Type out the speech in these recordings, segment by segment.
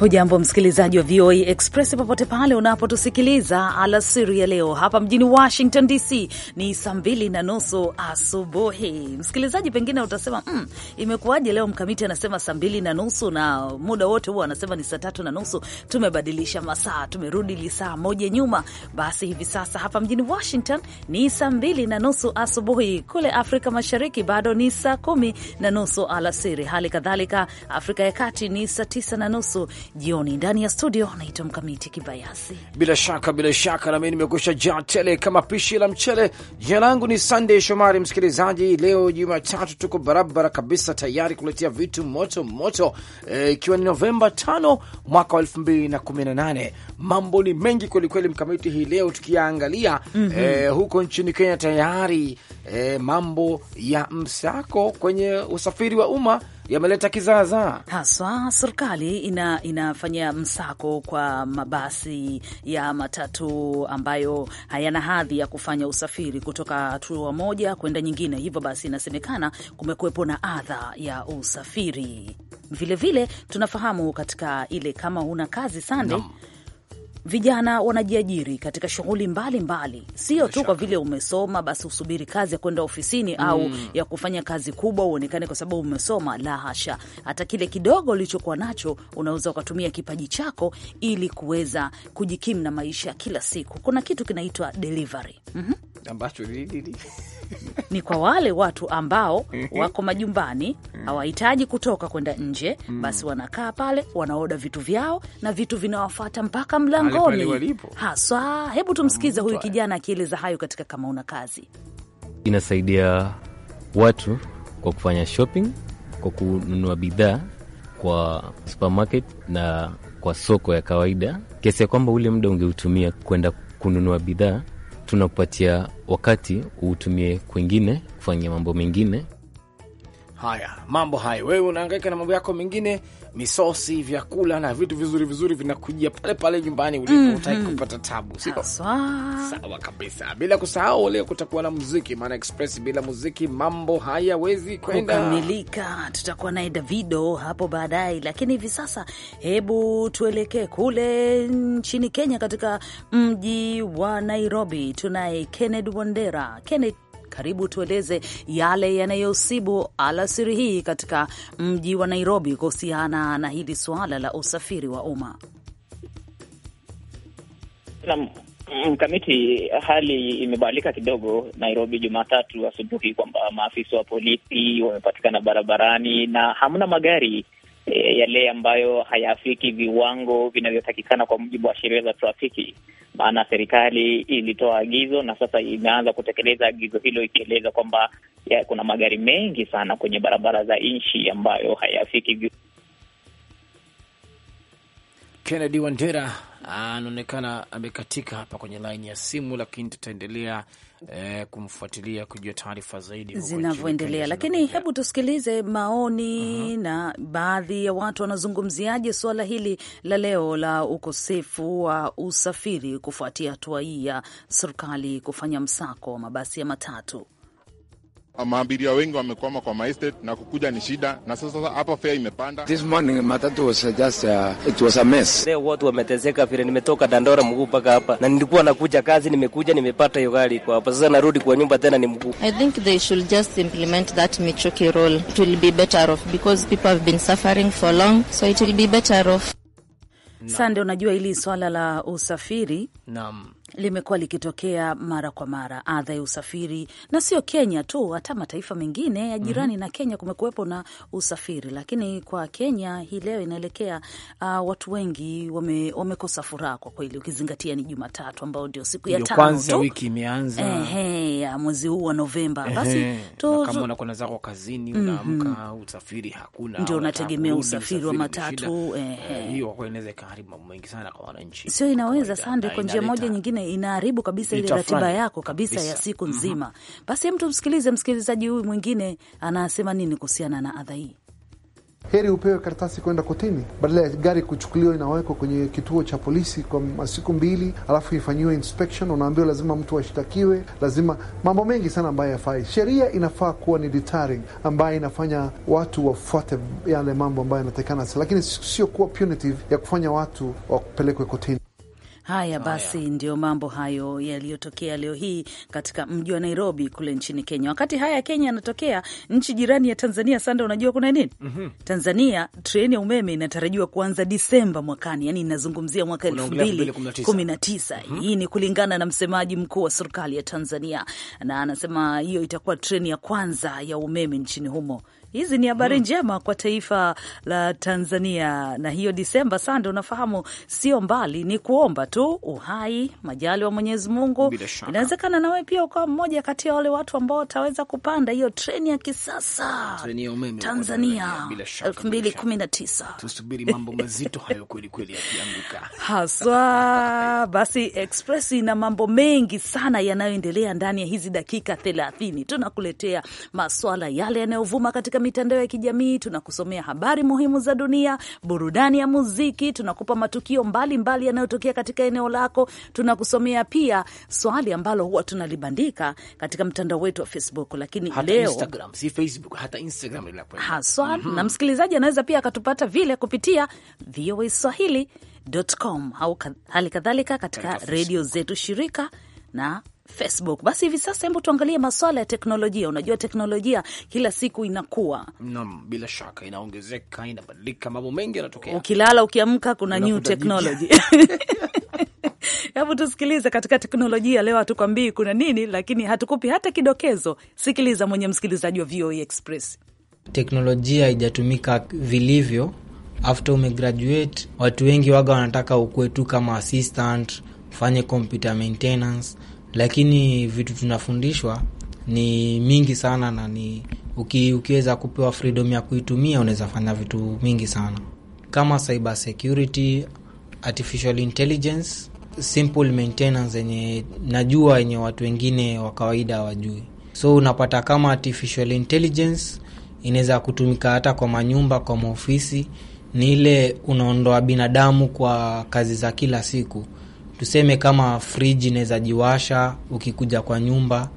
Hujambo msikilizaji wa VOA Express popote pale unapotusikiliza alasiri ya leo. Hapa mjini Washington DC ni saa mbili na nusu asubuhi. Msikilizaji, pengine utasema mm, imekuwaje leo mkamiti anasema saa mbili na nusu na muda wote huo anasema ni saa tatu na nusu Tumebadilisha masaa, tumerudi lisaa moja nyuma. Basi hivi sasa hapa mjini Washington ni saa mbili na nusu asubuhi, kule Afrika Mashariki bado ni saa kumi na nusu alasiri, hali kadhalika Afrika ya Kati ni saa tisa na nusu jioni. Ndani ya studio naitwa Mkamiti Kibayasi. Bila shaka, bila shaka, nami nimekusha jaa tele kama pishi la mchele. Jina langu ni Sandey Shomari. Msikilizaji, leo Jumatatu tuko barabara kabisa, tayari kuletea vitu moto moto, e, ikiwa e, ni Novemba 5 mwaka wa 2018. Mambo ni mengi kwelikweli, Mkamiti, hii leo tukiyaangalia mm -hmm. E, huko nchini Kenya tayari e, mambo ya msako kwenye usafiri wa umma yameleta kizaazaa haswa. Serikali ina, inafanya msako kwa mabasi ya matatu ambayo hayana hadhi ya kufanya usafiri kutoka hatua moja kwenda nyingine. Hivyo basi, inasemekana kumekuwepo na adha ya usafiri. Vilevile vile, tunafahamu katika ile kama huna kazi sande no vijana wanajiajiri katika shughuli mbalimbali, sio tu kwa vile umesoma basi usubiri kazi ya kwenda ofisini mm, au ya kufanya kazi kubwa uonekane kwa sababu umesoma. La hasha, hata kile kidogo ulichokuwa nacho unaweza ukatumia kipaji chako ili kuweza kujikimu na maisha kila siku. Kuna kitu kinaitwa delivery mm -hmm ambacho ni kwa wale watu ambao wako majumbani hawahitaji kutoka kwenda nje, mm. basi wanakaa pale, wanaoda vitu vyao na vitu vinawafata mpaka mlangoni haswa. Hebu tumsikize huyu kijana akieleza hayo katika kama una kazi. Inasaidia watu kwa kufanya shopping, kwa kununua bidhaa kwa supermarket na kwa soko ya kawaida, kiasi ya kwamba ule muda ungeutumia kwenda kununua bidhaa tunakupatia wakati uutumie kwingine kufanyia mambo mengine. Haya, mambo hayo, wewe unaangaika na mambo yako mengine, misosi, vyakula na vitu vizuri vizuri vinakujia pale pale nyumbani ulipo, mm mm-hmm. -hmm. Utaki kupata tabu, sio sawa kabisa. Bila kusahau leo kutakuwa na muziki, maana express bila muziki mambo hayawezi kwenda kukamilika. Tutakuwa naye Davido hapo baadaye, lakini hivi sasa hebu tuelekee kule nchini Kenya, katika mji wa Nairobi tunaye Kenneth Wandera. Kenneth karibu tueleze yale yanayosibu alasiri hii katika mji wa Nairobi kuhusiana na hili suala la usafiri wa umma. Mkamiti, hali imebadilika kidogo Nairobi Jumatatu asubuhi, kwamba maafisa wa polisi wamepatikana barabarani na hamna magari e, yale ambayo hayafiki viwango vinavyotakikana kwa mujibu wa sheria za trafiki maana serikali ilitoa agizo na sasa imeanza kutekeleza agizo hilo, ikieleza kwamba kuna magari mengi sana kwenye barabara za nchi ambayo hayafiki. Kennedy Wandera anaonekana amekatika hapa kwenye laini ya simu, lakini tutaendelea eh, kumfuatilia kujua taarifa zaidi zinavyoendelea. Lakini hebu tusikilize maoni uh mhm. -huh. na baadhi ya watu wanazungumziaje suala hili la leo la ukosefu wa usafiri kufuatia hatua hii ya serikali kufanya msako wa mabasi ya matatu. Maabiria wengi wamekwama kwa maestate na kukuja ni shida, na sasa hapa fare imepanda. This morning matatu was uh, just uh, it was a mess. Leo watu wameteseka, vile nimetoka Dandora mguu mpaka hapa, na nilikuwa nakuja kazi, nimekuja nimepata hiyo gari kwa hapa, sasa narudi kwa nyumba tena ni mguu. I think they should just implement that Michoki rule, it will be better off because people have been suffering for long, so it will be better off. Sande, unajua hili swala la usafiri. Naam limekuwa likitokea mara kwa mara, adha ya usafiri, na sio Kenya tu, hata mataifa mengine ya mhm. jirani mm -hmm. na Kenya kumekuwepo na usafiri, lakini kwa Kenya hii leo inaelekea uh, watu wengi wamekosa wame furaha kwa kweli, ukizingatia ni Jumatatu ambao ndio siku ya tano kwanza wiki imeanza mwezi huu wa Novemba. Basi tu kama unakwenda zako kazini, mhm. unaamka, usafiri hakuna, ndio unategemea usafiri wa matatu, eh, hiyo inaweza ikaharibu mambo mengi sana kwa wananchi, sio inaweza sande, kwa njia moja nyingine inaharibu kabisa ile ratiba yako kabisa Bisa. ya siku mhm. nzima. mm -hmm. Basi mtu msikilize msikilizaji huyu mwingine anasema nini kuhusiana na adha hii. Heri upewe karatasi kwenda kotini badala ya gari kuchukuliwa inawekwa kwenye kituo cha polisi kwa masiku mbili, alafu ifanyiwe inspection. Unaambiwa lazima mtu ashtakiwe, lazima mambo mengi sana ambayo yafai. Sheria inafaa kuwa ni deterrent, ambayo inafanya watu wafuate yale mambo ambayo yanatakikana, lakini sio kuwa punitive ya kufanya watu wapelekwe kotini. Haya basi, haya. Ndio mambo hayo yaliyotokea leo hii katika mji wa Nairobi kule nchini Kenya. Wakati haya Kenya yanatokea, nchi jirani ya Tanzania, Sanda, unajua kuna nini? mm -hmm. Tanzania treni ya umeme inatarajiwa kuanza Disemba mwakani, yani inazungumzia mwaka elfu mbili kumi na tisa. Mhm. Hii ni kulingana na msemaji mkuu wa serikali ya Tanzania, na anasema hiyo itakuwa treni ya kwanza ya umeme nchini humo Hizi ni habari hmm, njema kwa taifa la Tanzania. Na hiyo Disemba sande, unafahamu sio mbali, ni kuomba tu uhai, majali wa Mwenyezi Mungu. Inawezekana nawe pia ukawa mmoja kati ya wale watu ambao wataweza kupanda hiyo treni ya kisasa Tanzania 2019. Tusubiri mambo mazito hayo kweli kweli yakianguka haswa. Basi Express ina mambo mengi sana yanayoendelea ndani ya hizi dakika thelathini tunakuletea maswala yale yanayovuma katika mitandao ya kijamii, tunakusomea habari muhimu za dunia, burudani ya muziki, tunakupa matukio mbalimbali yanayotokea katika eneo lako. Tunakusomea pia swali ambalo huwa tunalibandika katika mtandao wetu wa Facebook, lakini hata leo Instagram, si Facebook, hata Instagram haswa. mm -hmm. Na msikilizaji anaweza pia akatupata vile kupitia VOA Swahili.com au hali kadhalika katika redio zetu shirika na Facebook. Basi hivi sasa, hebu tuangalie maswala ya teknolojia. Unajua teknolojia kila siku inakuwa nam, bila shaka inaongezeka, inabadilika, mambo mengi yanatokea. Ukilala ukiamka, kuna new technology Hebu tusikilize katika teknolojia leo. Hatukwambii kuna nini, lakini hatukupi hata kidokezo. Sikiliza mwenye msikilizaji wa VOA e Express. Teknolojia haijatumika vilivyo. After umegraduate, watu wengi waga wanataka ukuwe tu kama assistant, ufanye computer maintenance lakini vitu tunafundishwa ni mingi sana na ni uki, ukiweza kupewa freedom ya kuitumia unaweza fanya vitu mingi sana kama cyber security, artificial intelligence, simple maintenance yenye najua yenye watu wengine wa kawaida hawajui. So unapata kama artificial intelligence inaweza kutumika hata kwa manyumba, kwa maofisi. Ni ile unaondoa binadamu kwa kazi za kila siku tuseme kama friji inaweza jiwasha ukikuja kwa nyumba,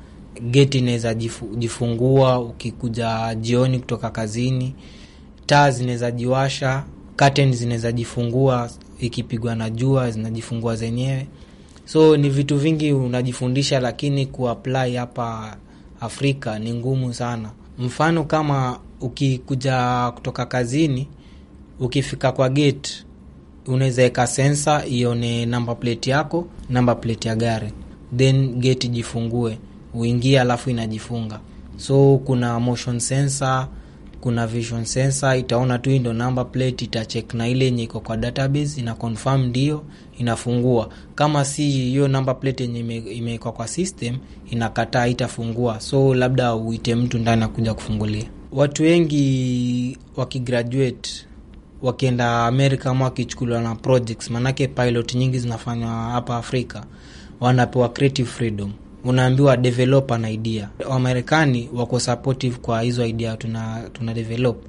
geti inaweza jifungua ukikuja jioni kutoka kazini, taa zinaweza jiwasha, curtain zinaweza jifungua ikipigwa na jua zinajifungua zenyewe. So ni vitu vingi unajifundisha, lakini kuapply hapa Afrika ni ngumu sana. Mfano kama ukikuja kutoka kazini, ukifika kwa gate unaweza weka sensa ione namba plate yako, namba plate ya gari, then geti jifungue, uingie, alafu inajifunga. So kuna motion sensor, kuna vision sensor, itaona tu ndo namba plate, itachek na ile yenye iko kwa database, ina confirm ndio, inafungua. Kama si hiyo namba plate yenye imewekwa kwa system, inakataa, itafungua. So labda uite mtu ndani akuja kufungulia. Watu wengi wakigraduate wakienda Amerika ama wakichukuliwa na projects, maanake pilot nyingi zinafanywa hapa Afrika, wanapewa creative freedom unaambiwa develop an idea. Wamarekani wako supportive kwa hizo idea tuna, tuna develop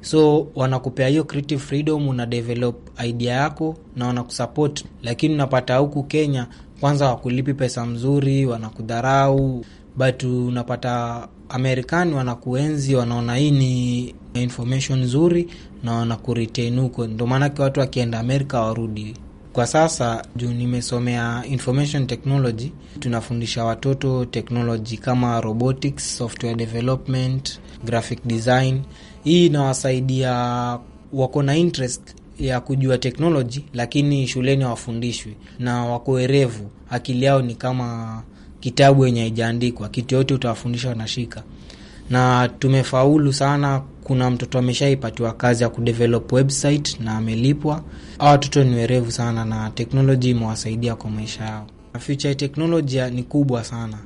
so wanakupea hiyo creative freedom, una develop idea yako na wanakusupport. Lakini unapata huku Kenya, kwanza wakulipi pesa mzuri, wanakudharau but unapata Amerikani wanakuenzi, wanaona hii ni information nzuri na wanakuretain huko. Ndo maanake watu wakienda Amerika warudi. Kwa sasa juu nimesomea information technology, tunafundisha watoto teknoloji kama robotics, software development, graphic design. Hii inawasaidia wako na interest ya kujua teknoloji, lakini shuleni hawafundishwi na wako werevu, akili yao ni kama kitabu yenye haijaandikwa, kitu yote utawafundisha wanashika, na tumefaulu sana. Kuna mtoto ameshaipatiwa kazi ya kudevelop website na amelipwa. au watoto ni werevu sana na teknoloji imewasaidia kwa maisha yao. Future ni kubwa sana.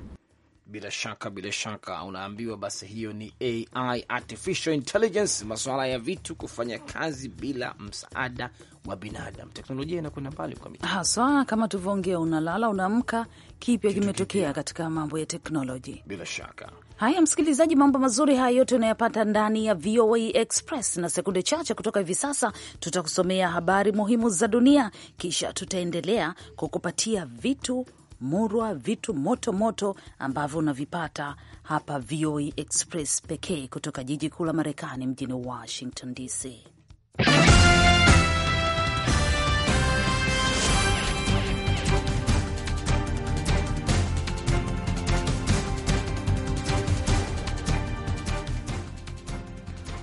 Bila shaka, bila shaka unaambiwa basi, hiyo ni AI, artificial intelligence, masuala ya vitu kufanya kazi bila msaada wa binadamu. Teknolojia inakwenda mbali haswa, kama tulivyoongea, unalala unaamka, kipya kimetokea katika mambo ya teknoloji. Bila shaka haya, msikilizaji, mambo mazuri haya yote unayapata ndani ya VOA Express, na sekunde chache kutoka hivi sasa tutakusomea habari muhimu za dunia, kisha tutaendelea kukupatia vitu murwa, vitu moto moto ambavyo unavipata hapa VOA e Express pekee kutoka jiji kuu la Marekani, mjini Washington DC.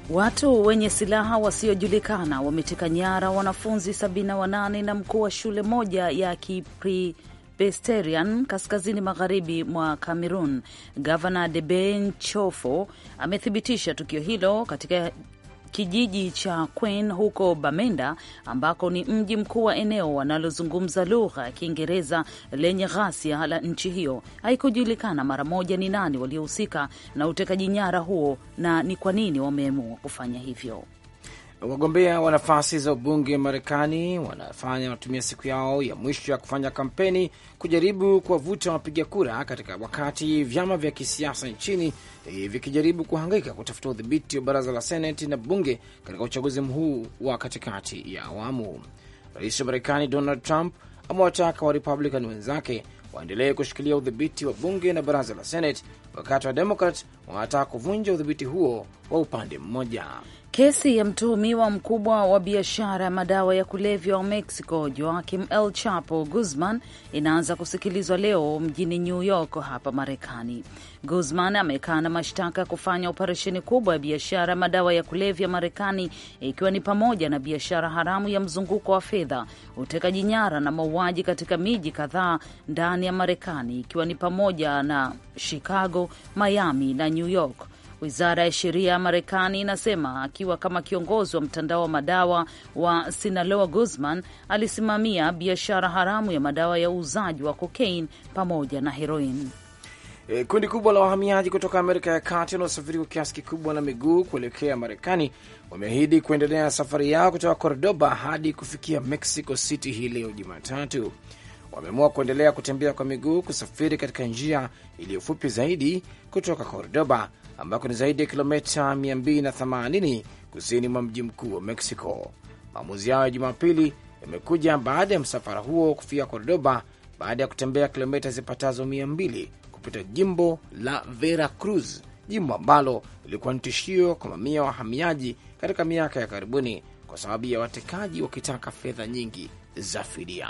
Watu wenye silaha wasiojulikana wameteka nyara wanafunzi 78 na mkuu wa shule moja ya Kipri Besterian, kaskazini magharibi mwa Cameroon. Gavana Ben Chofo amethibitisha tukio hilo katika kijiji cha Queen huko Bamenda ambako ni mji mkuu wa eneo wanalozungumza lugha ya Kiingereza lenye ghasia la nchi hiyo. Haikujulikana mara moja ni nani waliohusika na utekaji nyara huo na ni kwa nini wameamua kufanya hivyo. Wagombea wa nafasi za ubunge Marekani wanafanya wanatumia siku yao ya mwisho ya kufanya kampeni kujaribu kuwavuta wapiga kura, katika wakati vyama vya kisiasa nchini eh, vikijaribu kuhangaika kutafuta udhibiti wa baraza la seneti na bunge katika uchaguzi mkuu wa katikati ya awamu. Rais wa Marekani Donald Trump amewataka Warepublican wenzake waendelee kushikilia udhibiti wa bunge na baraza la seneti, wakati wa Demokrat wanataka kuvunja udhibiti huo wa upande mmoja. Kesi ya mtuhumiwa mkubwa wa biashara ya madawa ya kulevya wa Mexico Joaquim El Chapo Guzman inaanza kusikilizwa leo mjini New York hapa Marekani. Guzman amekaa na mashtaka ya kufanya operesheni kubwa ya biashara ya madawa ya kulevya Marekani, ikiwa ni pamoja na biashara haramu ya mzunguko wa fedha, utekaji nyara na mauaji katika miji kadhaa ndani ya Marekani, ikiwa ni pamoja na Chicago, Miami na New York. Wizara ya sheria ya Marekani inasema akiwa kama kiongozi wa mtandao wa madawa wa Sinaloa, Guzman alisimamia biashara haramu ya madawa ya uuzaji wa kokain pamoja na heroin. E, kundi kubwa la wahamiaji kutoka Amerika ya Kati wanaosafiri kwa kiasi kikubwa na miguu kuelekea Marekani wameahidi kuendelea na safari yao kutoka Cordoba hadi kufikia Mexico City hii leo Jumatatu. Wameamua kuendelea kutembea kwa miguu kusafiri katika njia iliyo fupi zaidi kutoka Cordoba ambako ni zaidi ya kilomita 280 kusini mwa mji mkuu wa Mexico. Maamuzi yao ya Jumapili yamekuja baada ya msafara huo kufika Cordoba baada ya kutembea kilomita zipatazo 200 kupita jimbo la Veracruz, jimbo ambalo lilikuwa ni tishio kwa mamia wahamiaji katika miaka ya karibuni kwa sababu ya watekaji wakitaka fedha nyingi za fidia.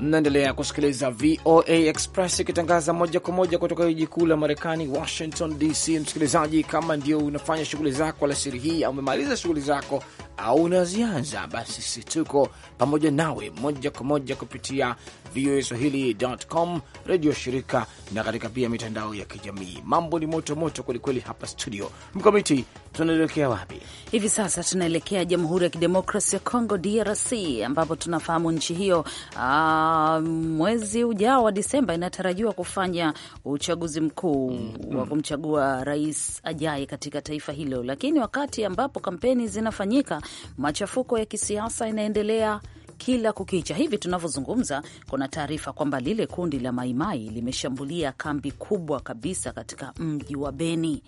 Mnaendelea kusikiliza VOA Express ikitangaza moja kwa moja kutoka jiji kuu la Marekani, Washington DC. Msikilizaji, kama ndio unafanya shughuli zako alasiri hii au umemaliza shughuli zako au unazianza, basi sisi tuko pamoja nawe moja kwa moja kupitia VOA Swahili.com, redio shirika na katika pia mitandao ya kijamii. Mambo ni moto moto kwelikweli hapa studio. Mkamiti, tunaelekea wapi hivi sasa? Tunaelekea Jamhuri ya Kidemokrasi ya congo DRC, ambapo tunafahamu nchi hiyo aa, ah, mwezi ujao wa Disemba inatarajiwa kufanya uchaguzi mkuu mm mm, wa kumchagua rais ajaye katika taifa hilo, lakini wakati ambapo kampeni zinafanyika machafuko ya kisiasa inaendelea kila kukicha. Hivi tunavyozungumza, kuna taarifa kwamba lile kundi la Maimai limeshambulia kambi kubwa kabisa katika mji wa Beni.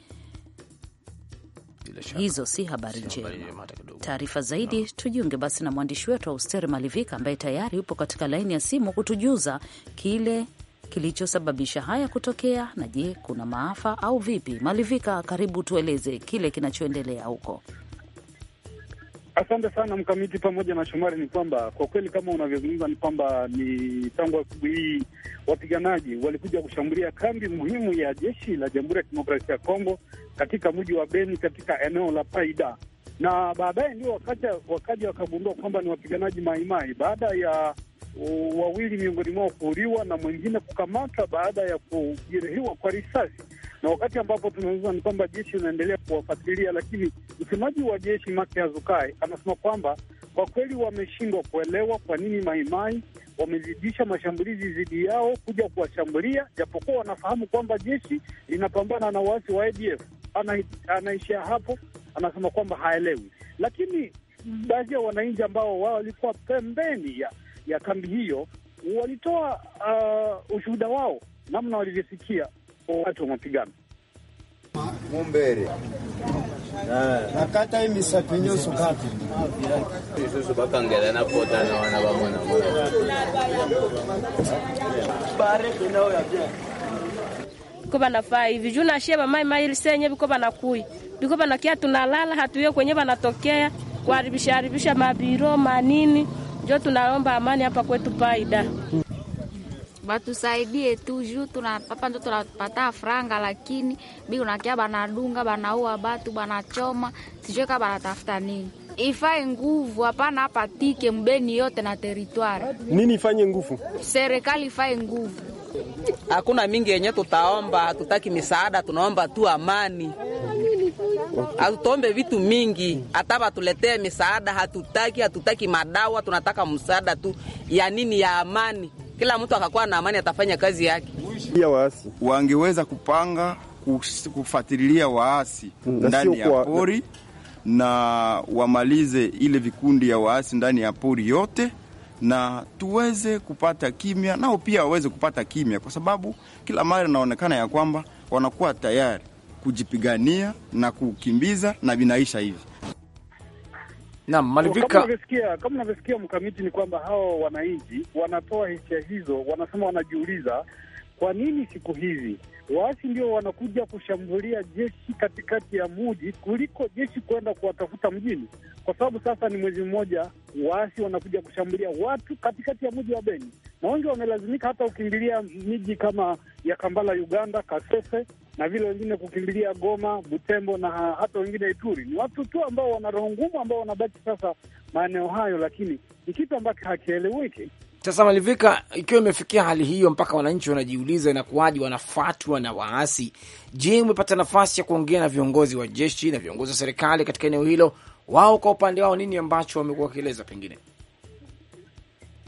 Hizo si habari njema. Taarifa zaidi no. Tujiunge basi na mwandishi wetu Auster Malivika ambaye tayari yupo katika laini ya simu kutujuza kile kilichosababisha haya kutokea, na je, kuna maafa au vipi? Malivika, karibu tueleze kile kinachoendelea huko. Asante sana Mkamiti pamoja na Shomari. Ni kwamba kwa kweli kama unavyozungumza ni kwamba ni tangu asubuhi hii wapiganaji walikuja kushambulia kambi muhimu ya jeshi la Jamhuri ya Kidemokrasia ya Kongo katika mji wa Beni katika eneo la Paida, na baadaye ndio wakaja wakagundua kwamba ni wapiganaji Maimai baada ya wawili miongoni mwao kuuliwa na mwingine kukamatwa baada ya kujeruhiwa kwa risasi na wakati ambapo tunazungumza ni kwamba jeshi linaendelea kuwafuatilia, lakini msemaji wa jeshi make Azukai anasema kwamba kwa kweli wameshindwa kuelewa kwa nini Maimai wamezidisha mashambulizi dhidi yao kuja kuwashambulia, japokuwa wanafahamu kwamba jeshi linapambana na waasi wa ADF. Ana, anaishia hapo, anasema kwamba haelewi, lakini baadhi ya wananchi ambao wao walikuwa pembeni ya, ya kambi hiyo walitoa uh, ushuhuda wao namna walivyosikia watu wa mapigano Mumbere nakata imisapinyoso kati sisi baka ngere na kota na wana ba mwana bare kinao ya bia biko bana fai vijuna sheba mai mai lisenye biko bana kui biko bana kia tunalala hatuye kwenye bana tokea kuharibisha haribisha mabiro manini jo tunaomba amani hapa kwetu paida batusaidie tu juu tunapapa ndo tunapata franga, lakini bi unakia banadunga banaua batu banachoma sichweka banatafuta nini? Ifae nguvu hapana, apatike mbeni yote na teritwari nini, ifanye nguvu, serikali ifae nguvu. Hakuna mingi yenye tutaomba, hatutaki misaada, tunaomba tu amani. Hatutombe vitu mingi, hata batuletee misaada hatutaki, hatutaki madawa, tunataka msaada tu ya nini, ya amani kila mtu akakuwa na amani, atafanya kazi yake. Pia waasi wangeweza kupanga kufuatilia waasi mm, ndani ya pori na wamalize ile vikundi ya waasi ndani ya pori yote na tuweze kupata kimya, nao pia waweze kupata kimya, kwa sababu kila mara inaonekana ya kwamba wanakuwa tayari kujipigania na kukimbiza na vinaisha hivi. Naam, Malivika, kama unavyosikia kama unavyosikia mkamiti, ni kwamba hao wananchi wanatoa hisia hizo, wanasema wanajiuliza kwa nini siku hizi waasi ndio wanakuja kushambulia jeshi katikati ya muji kuliko jeshi kwenda kuwatafuta mjini, kwa sababu sasa ni mwezi mmoja waasi wanakuja kushambulia watu katikati ya muji wa Beni, na wengi wamelazimika hata kukimbilia miji kama ya Kampala, Uganda, Kasese na vile wengine kukimbilia Goma, Butembo na hata wengine Ituri. Ni watu tu ambao wana roho ngumu, ambao wanabaki sasa maeneo hayo, lakini ni kitu ambacho hakieleweki. Sasa Malivika, ikiwa imefikia hali hiyo mpaka wananchi wanajiuliza inakuwaje wanafatwa na waasi, je, umepata nafasi ya kuongea na viongozi wa jeshi na viongozi wa serikali katika eneo hilo? Wao kwa upande wao nini ambacho wamekuwa wakieleza pengine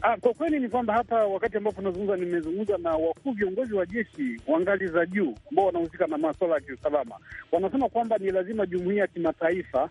Ah, kwa kweli ni kwamba hapa wakati ambapo tunazungumza, nimezungumza na wakuu viongozi wa jeshi wa ngazi za juu ambao wanahusika na masuala ya kiusalama, wanasema kwamba ni lazima jumuiya ya kimataifa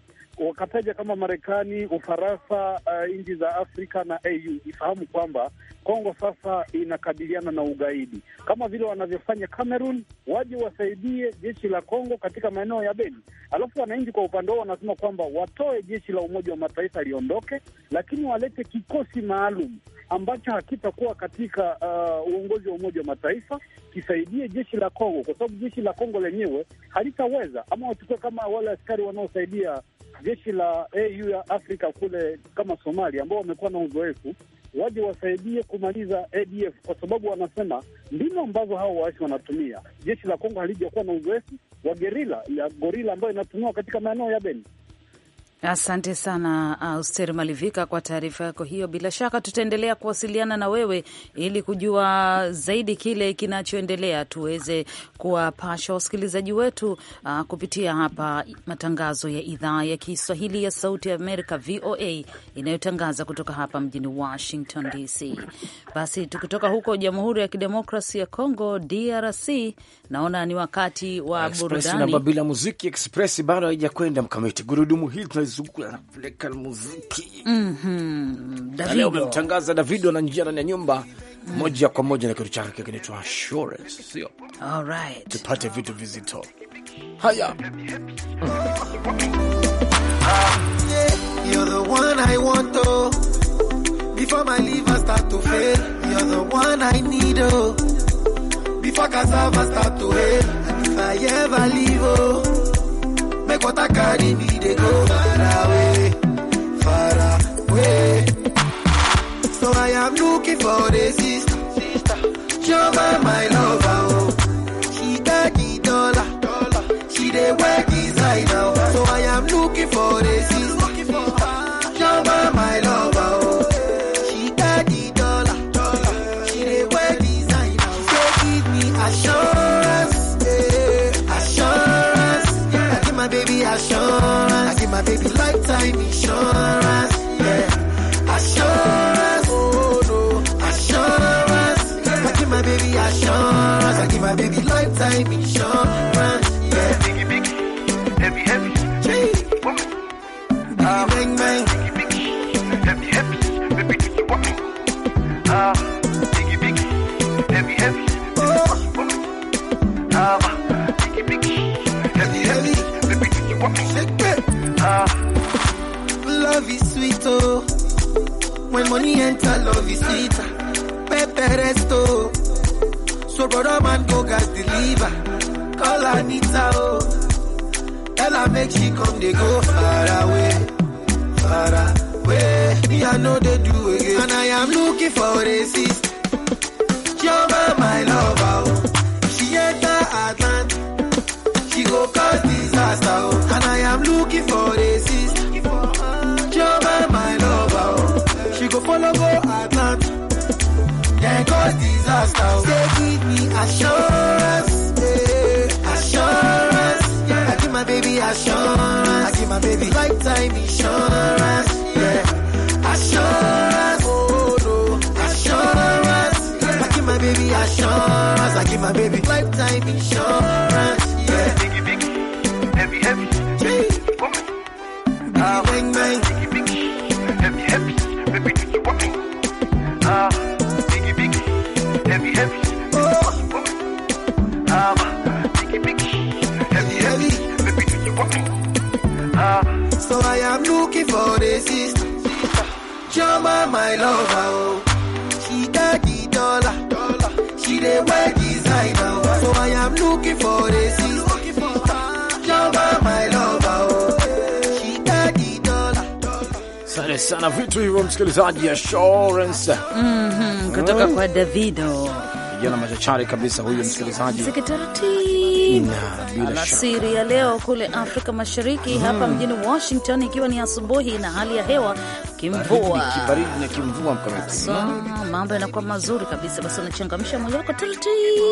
wakataja kama Marekani, Ufaransa, uh, nchi za Afrika na AU. Ifahamu kwamba Kongo sasa inakabiliana na ugaidi kama vile wanavyofanya Cameroon, waje wasaidie jeshi la Kongo katika maeneo ya Beni. Alafu wananchi kwa upande wao wanasema kwamba watoe jeshi la Umoja wa Mataifa liondoke, lakini walete kikosi maalum ambacho hakitakuwa katika uh, uongozi wa Umoja wa Mataifa kisaidie jeshi la Kongo, kwa sababu jeshi la Kongo lenyewe halitaweza, ama wachukue kama wale askari wanaosaidia jeshi la AU ya Afrika kule kama Somalia, ambao wamekuwa na uzoefu waje wasaidie kumaliza ADF kwa sababu wanasema mbinu ambazo hao waasi wanatumia, jeshi la Kongo halijakuwa na uzoefu wa gerila ya gorila ambayo inatumiwa katika maeneo ya Beni. Asante sana uh, Auster Malivika kwa taarifa yako hiyo. Bila shaka tutaendelea kuwasiliana na wewe ili kujua zaidi kile kinachoendelea, tuweze kuwapasha wasikilizaji wetu uh, kupitia hapa matangazo ya idhaa ya Kiswahili ya Sauti ya Amerika, VOA, inayotangaza kutoka hapa mjini Washington DC. Basi tukitoka huko Jamhuri ya Kidemokrasi ya Congo, DRC, naona ni wakati wa burudani. Bila muziki express bado haijakwenda mkamiti gurudumu hili zuku la Afrika la muziki. Mm -hmm. Davido. Leo umemtangaza Davido na njia ndani ya nyumba mm. Moja kwa moja na kitu chake kinaitwa Assurance, sio? All right. Tupate vitu vizito. Haya. You're the one I want oh. Before my liver start to fail, you're the one I need oh. Before cassava start to fail, and if I ever leave oh. Make what I carry me they go. I am looking for the sister. sister. Show her my love. Oh. She got the dollar. She the work designer. Oh. So I am looking for the sister. Show her my love. Oh. She got the dollar. dollar. She the work designer. So give me assurance. Yeah. Assurance. Yeah. I give my baby assurance. I give my baby lifetime insurance. come they go far away, far away. Me I know they do again, and I am looking for a sister. Jehovah my lover, oh. she enter Atlantic, she go cause disaster, oh. and I am looking for a sister. Jehovah my lover, oh. she go follow go Atlantic, then cause disaster. Oh. Stay with me, I show. my baby. Lifetime insurance, yeah. Assurance, oh no. Assurance, yeah. I give my baby assurance. I give my baby lifetime insurance, yeah. Biggie, biggie, heavy, heavy. Gee. Ah. Biggie, biggie, heavy, heavy. Baby, do you want me? Uh, biggie, biggie, heavy, heavy. Oh. Ah. Baby, do you want me? So I am looking for the sister. Jama, my lover. Oh. She got the dollar. She the wear designer. Oh. So I am looking for the sister. Jama, my lover. Oh. She got the dollar. Sante sana vitu hivyo msikilizaji assurance. Mhm, mm kutoka mm. kwa Davido. Kijana machachari kabisa huyu msikilizaji. Sikitaratibu. alasiri ya leo kule Afrika Mashariki, hmm, hapa mjini Washington ikiwa ni asubuhi na hali ya hewa kimvua, kibaridi na kimvua mkamiti. So, mambo yanakuwa mazuri kabisa. Basi unachangamsha moyo wako taratibu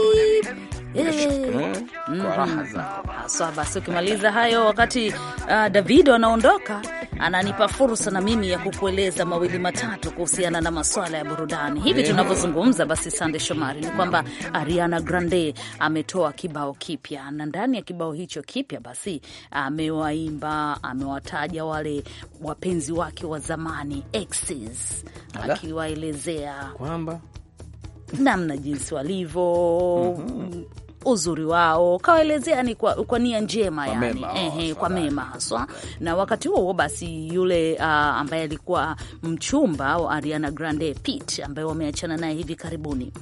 haswa. Eh. Mm-hmm. Basi ukimaliza hayo, wakati uh, ah, David anaondoka, ananipa fursa na mimi ya kukueleza mawili matatu kuhusiana na maswala ya burudani hivi eh. tunavyozungumza. Basi Sande Shomari, ni kwamba Ariana Grande ametoa kibao kipya, na ndani ya kibao hicho kipya basi amewaimba, amewataja wale wapenzi wake wa zamani zamani exes, akiwaelezea kwamba namna jinsi walivyo mm -hmm uzuri wao kawaelezea ni kwa, kwa nia njema kwa yani mema, ehe, kwa mema haswa. Na wakati huo basi yule uh, ambaye alikuwa mchumba wa Ariana Grande Pete ambaye wameachana naye hivi karibuni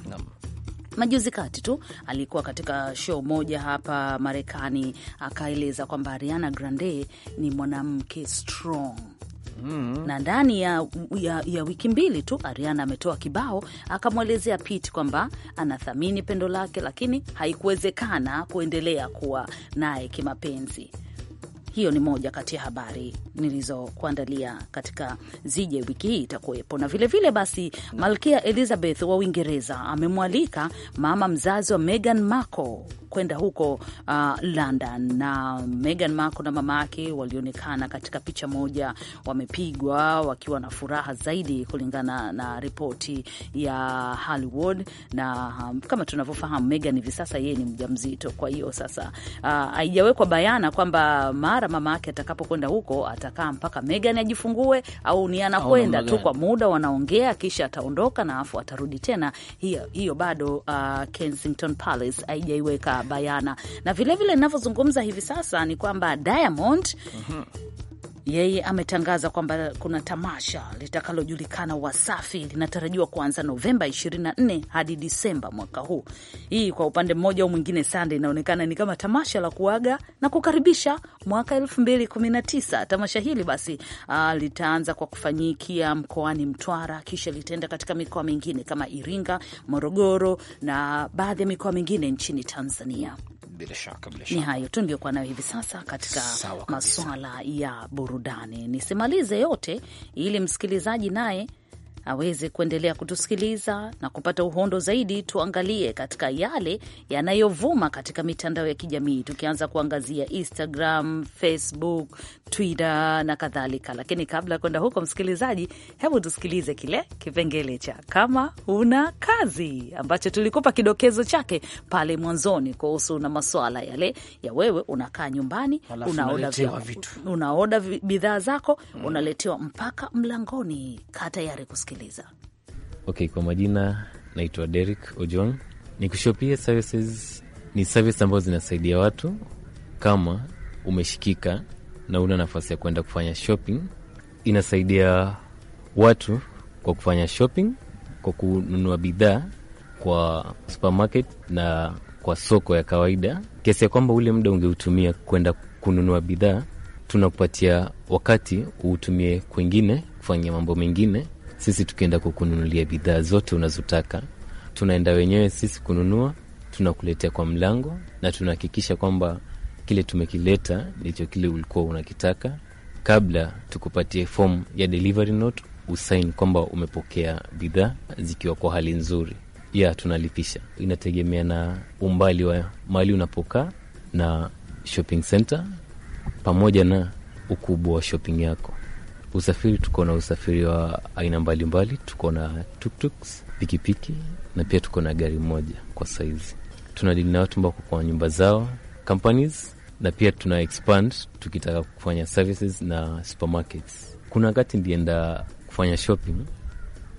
Majuzi kati tu alikuwa katika show moja hapa Marekani, akaeleza kwamba Ariana Grande ni mwanamke strong mm -hmm. na ndani ya, ya, ya wiki mbili tu Ariana ametoa kibao akamwelezea Pete kwamba anathamini pendo lake, lakini haikuwezekana kuendelea kuwa naye kimapenzi. Hiyo ni moja kati ya habari nilizokuandalia katika zije wiki hii itakuwepo. Na vilevile vile basi, Malkia Elizabeth wa Uingereza amemwalika mama mzazi wa Meghan Markle kwenda huko uh, London na Meghan Markle na mama yake walionekana katika picha moja, wamepigwa wakiwa na furaha zaidi, kulingana na ripoti ya Hollywood. Na um, kama tunavyofahamu Meghan hivi sasa yeye ni mjamzito, kwa hiyo sasa uh, haijawekwa uh, bayana kwamba mara mama yake atakapokwenda huko atakaa mpaka Meghan ajifungue au ni anakwenda tu kwa muda, wanaongea kisha ataondoka na afu atarudi tena. Hiyo, hiyo bado uh, Kensington Palace haijaiweka bayana. Na vilevile ninavyozungumza hivi sasa ni kwamba Diamond mm -hmm yeye ametangaza kwamba kuna tamasha litakalojulikana Wasafi linatarajiwa kuanza Novemba 24 hadi Disemba mwaka huu. Hii kwa upande mmoja au mwingine, Sande, inaonekana ni kama tamasha la kuaga na kukaribisha mwaka 2019. Tamasha hili basi aa, ah, litaanza kwa kufanyikia mkoani Mtwara, kisha litaenda katika mikoa mingine kama Iringa, Morogoro na baadhi ya mikoa mingine nchini Tanzania. Bila shaka, bila shaka. Ni hayo tu ndio kwa nayo hivi sasa katika maswala ya burudani, nisimalize yote ili msikilizaji naye aweze kuendelea kutusikiliza na kupata uhondo zaidi, tuangalie katika yale yanayovuma katika mitandao ya kijamii, tukianza kuangazia Instagram, Facebook, Twitter na kadhalika. Lakini kabla ya kwenda huko, msikilizaji, hebu tusikilize kile kipengele cha kama una kazi ambacho tulikupa kidokezo chake pale mwanzoni kuhusu na maswala yale ya wewe unakaa nyumbani unaoda bidhaa zako, mm, unaletewa mpaka mlangoni, ka tayari kusikiliza kusikiliza. Okay, kwa majina naitwa Derek Ojong. Nikushopie services ni service ambazo zinasaidia watu kama umeshikika na una nafasi ya kuenda kufanya shopping. Inasaidia watu kwa kufanya shopping, kwa kununua bidhaa kwa supermarket na kwa soko ya kawaida, kiasi ya kwamba ule muda ungeutumia kwenda kununua bidhaa tunakupatia wakati uutumie kwingine kufanya mambo mengine sisi tukienda kukununulia bidhaa zote unazotaka, tunaenda wenyewe sisi kununua, tunakuletea kwa mlango, na tunahakikisha kwamba kile tumekileta ndicho kile ulikuwa unakitaka. Kabla tukupatie fomu ya delivery note, usain kwamba umepokea bidhaa zikiwa kwa hali nzuri. Ya tunalipisha, inategemea na umbali wa mahali unapokaa na shopping center pamoja na ukubwa wa shopping yako. Usafiri tuko na usafiri wa aina mbalimbali, tuko na tuktuks, pikipiki na pia tuko na gari moja kwa saizi. Tunadili na watu ambao kwa nyumba zao companies, na pia tuna expand tukitaka kufanya services na supermarkets. Kuna wakati nilienda kufanya shopping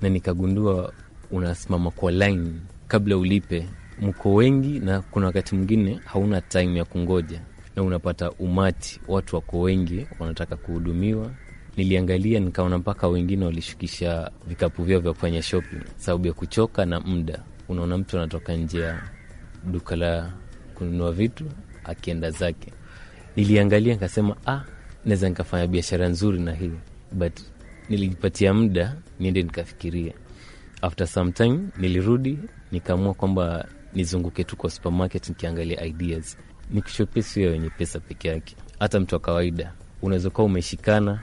na nikagundua unasimama kwa line kabla ulipe, mko wengi, na kuna wakati mwingine hauna time ya kungoja, na unapata umati, watu wako wengi wanataka kuhudumiwa niliangalia nikaona mpaka wengine walishukisha vikapu vyao vya kufanya shopping sababu ya kuchoka na muda. Unaona, mtu anatoka nje ya duka la kununua vitu akienda zake. Niliangalia nikasema, ah, naweza nikafanya biashara nzuri na hii but nilijipatia muda niende nikafikiria. After some time nilirudi nikaamua kwamba nizunguke tu kwa supermarket nikiangalia ideas. Nikishopia sio wenye pesa peke yake, hata mtu wa kawaida unaweza kuwa umeshikana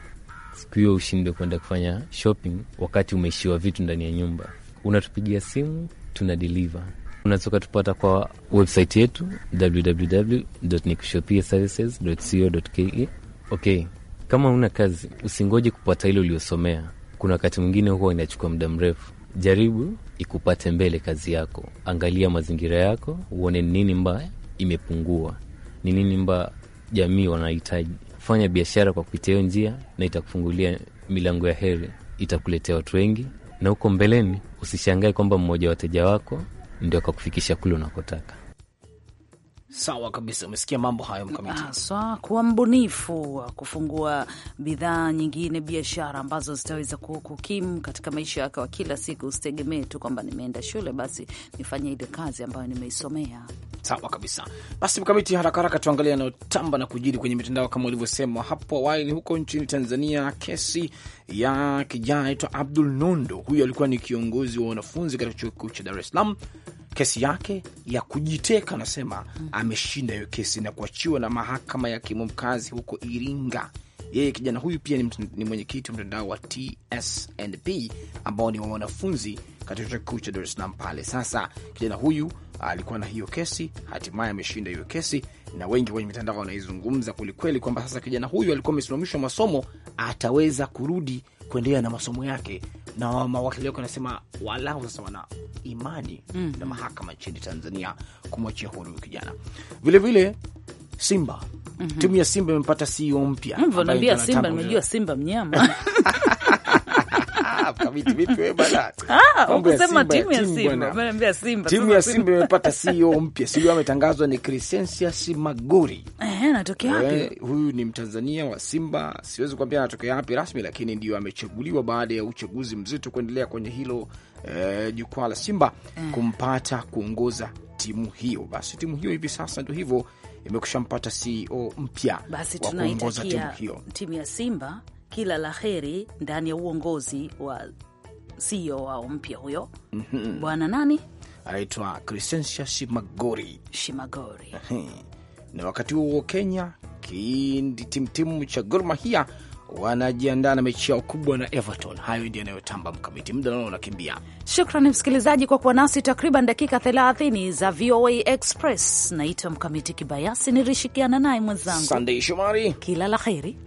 siku hiyo ushindwe kwenda kufanya shopping wakati umeishiwa vitu ndani ya nyumba, unatupigia simu, tuna deliver. Unaweza ukatupata kwa website yetu www.nikushopiaservices.co.ke. Okay, kama una kazi usingoje kupata ile uliosomea. Kuna wakati mwingine huwa inachukua muda mrefu. Jaribu ikupate mbele kazi yako, angalia mazingira yako, uone nini mbaya imepungua, ni nini mbaya jamii wanahitaji fanya biashara kwa kupitia hiyo njia, na itakufungulia milango ya heri, itakuletea watu wengi, na huko mbeleni usishangae kwamba mmoja wa wateja wako ndio akakufikisha kule unakotaka. Sawa kabisa, umesikia mambo hayo mkamiti, haswa kuwa mbunifu wa kufungua bidhaa nyingine, biashara ambazo zitaweza kukimu katika maisha yake wa kila siku. Usitegemee tu kwamba nimeenda shule basi nifanye ile kazi ambayo nimeisomea. Sawa kabisa. Basi mkamiti, haraka haraka tuangalie yanayotamba na kujiri kwenye mitandao. Kama ulivyosema hapo awali, huko nchini Tanzania, kesi ya kijana anaitwa Abdul Nondo, huyu alikuwa ni kiongozi wa wanafunzi katika chuo kikuu cha Dar es Salaam kesi yake ya kujiteka, anasema ameshinda hiyo kesi na kuachiwa na mahakama ya kimumkazi mkazi huko Iringa. Yeye kijana huyu pia ni, ni mwenyekiti wa mtandao wa TSNP ambao ni wa wanafunzi katika chuo kikuu cha Dar es Salaam pale. Sasa kijana huyu alikuwa na hiyo kesi, hatimaye ameshinda hiyo kesi, na wengi kwenye mitandao wanaizungumza kwelikweli, kwamba sasa kijana huyu alikuwa amesimamishwa masomo, ataweza kurudi kuendelea na masomo yake, na mawakili wake wanasema walau sasa wana imani mm -hmm. na mahakama nchini Tanzania kumwachia huru kijana. Vilevile Simba mm -hmm. timu ya Simba imepata CEO mpya. Simba nimejua Simba mnyama Ah, timu ya Simba imepata CEO mpya, CEO ametangazwa ni Crescencia Simagori. anatokea eh, wapi? Huyu ni Mtanzania wa Simba, siwezi kuambia anatokea wapi rasmi, lakini ndio amechaguliwa baada ya uchaguzi mzito kuendelea kwenye hilo eh, jukwaa la Simba eh, kumpata kuongoza timu hiyo. Basi timu hiyo hivi sasa ndio hivyo imekushampata CEO mpya Basi tunaitakia timu hiyo, timu ya Simba kila la heri ndani ya uongozi wa CEO wao mpya huyo. mm -hmm. Bwana nani anaitwa Crescencia Shimagori, Shimagori. Na wakati huo Kenya, kindi timtimu cha Gor Mahia wanajiandaa na mechi yao kubwa na Everton. Hayo ndio yanayotamba mkamiti, muda nao unakimbia. Shukrani msikilizaji kwa kuwa nasi takriban dakika 30 za VOA Express. Naitwa Mkamiti Kibayasi, nilishikiana naye mwenzangu Sandei Shomari. Kila la heri.